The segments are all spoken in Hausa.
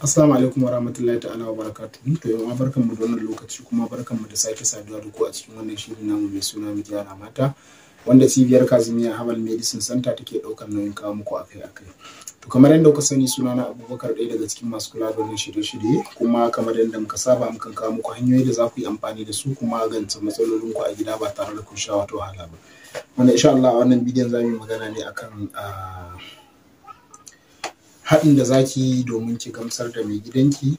Assalamu alaikum warahmatullahi ta'ala wa barakatuh. To yau barkan mu da wannan lokaci kuma barkan mu da sake saduwa da ku a cikin wannan shirin namu mai suna mu na mata wanda cibiyar Kazumiya Hamal Medicine Center take daukar nauyin kawo muku a kai. To kamar yadda kuka sani suna na Abubakar ɗaya daga cikin masu kula da shirye-shirye kuma kamar yadda muka saba muka kawo muku hanyoyi da za ku yi amfani da su kuma gance matsalolin ku a gida ba tare da kun sha wata wahala ba. Wanda insha Allah wannan bidiyon za mu yi magana ne akan ah, haɗin da za ki yi domin ki gamsar da mai gidanki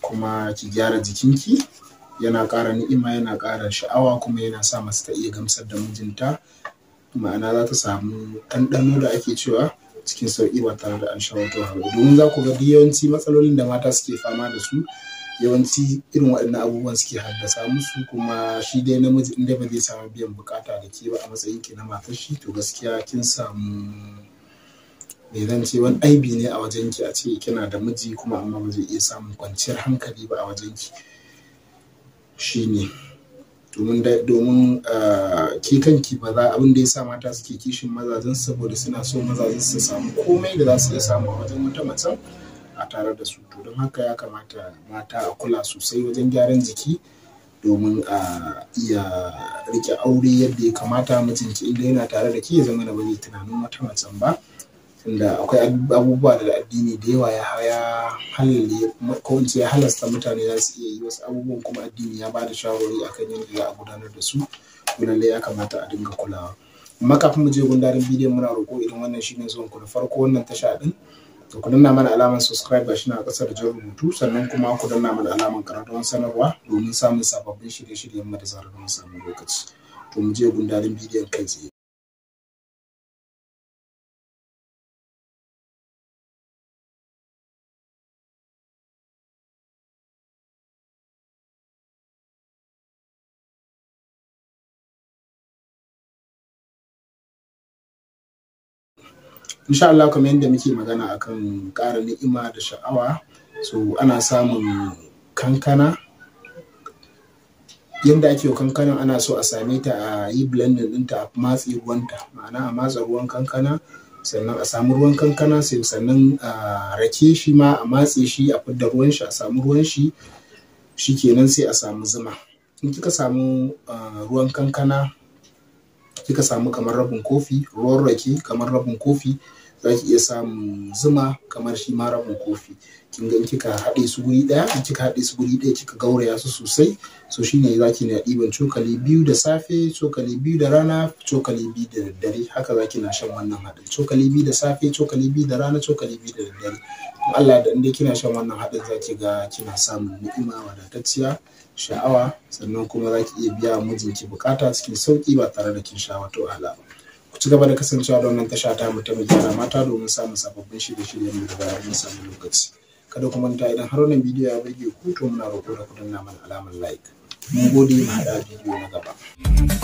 kuma ki gyara jikinki yana ƙara ni'ima yana ƙara sha'awa kuma yana sa masu ta iya gamsar da mijinta ma'ana za ta samu ɗanɗano da ake cewa cikin sauƙi ba tare da an sha wata wahala domin za ku ga yawanci matsalolin da mata suke fama da su yawanci irin waɗannan abubuwan suke haddasa musu kuma shi dai namiji inda ba zai samu biyan bukata da ke ba a matsayin ki na matar shi to gaskiya kin samu mai zan ce wani aibi ne a wajen ki a ce kina da miji kuma amma ba zai iya samun kwanciyar hankali ba a wajen ki ne domin domin ah, ke kanki ba za abin da ya sa mata suke kishin mazajen saboda suna so mazajen su samu komai da za su iya samu a wajen wata macen a tare da su to don haka ya kamata mata a kula sosai wajen gyaran jiki domin a ah, iya rike aure yadda ya kamata mijinki inda yana tare da ke zama da ba zai tunanin wata macen ba Da akwai abubuwa da addini da yawa ya halalle ko in ce ya halasta mutane za su iya yi wasu abubuwan kuma addini ya ba da shawarwari akan yadda za a gudanar da su to ya kamata a dinga kulawa amma kafin mu je gundarin bidiyon muna roƙo idan wannan shine zuwan ku da farko wannan tasha din to ku danna mana alamar subscribe shi na ƙasar jan rubutu sannan kuma ku danna mana alamar karatuwan sanarwa domin samun sababbin shirye-shiryen mu da zarar mun samu lokaci to mu je gundarin bidiyon kai tsaye insha Allah kamar yadda muke magana akan ƙara ni'ima da sha'awa so ana samun kankana yadda ake kankanan ana so a same ta a yi blending ɗinta a matse ruwanta ma'ana a matsa ruwan kankana sannan a samu ruwan kankana sai sannan a rake shi ma a matse shi a fidda ruwan shi a samu ruwan shi shi kenan sai a samu zuma in kika samu ruwan kankana kika samu kamar rabin kofi ruwan rake kamar rabin kofi za ki iya samun zuma kamar shi mara mu kofi kin ga kika haɗe su guri ɗaya in kika haɗe su guri ɗaya kika gauraya su sosai so shine za ki na ɗiban cokali biyu da safe cokali biyu da rana cokali biyu da daddare haka za ki na shan wannan haɗin cokali biyu da safe cokali biyu da rana cokali biyu da daddare Allah da inda kina shan wannan haɗin za ki ga kina samun ni'ima wadatacciya sha'awa sannan kuma za ki iya biya mijinki bukata cikin sauki ba tare da kin sha wato wahala ba ci gaba da kasancewa da wannan tasha ta mu ta bayyana mata domin samun sababbin shirye-shiryen mu da mun samu lokaci kada ku manta idan har wannan bidiyo ya burge ku to muna roƙo da ku danna mana alamar like mun gode mu haɗa bidiyo na gaba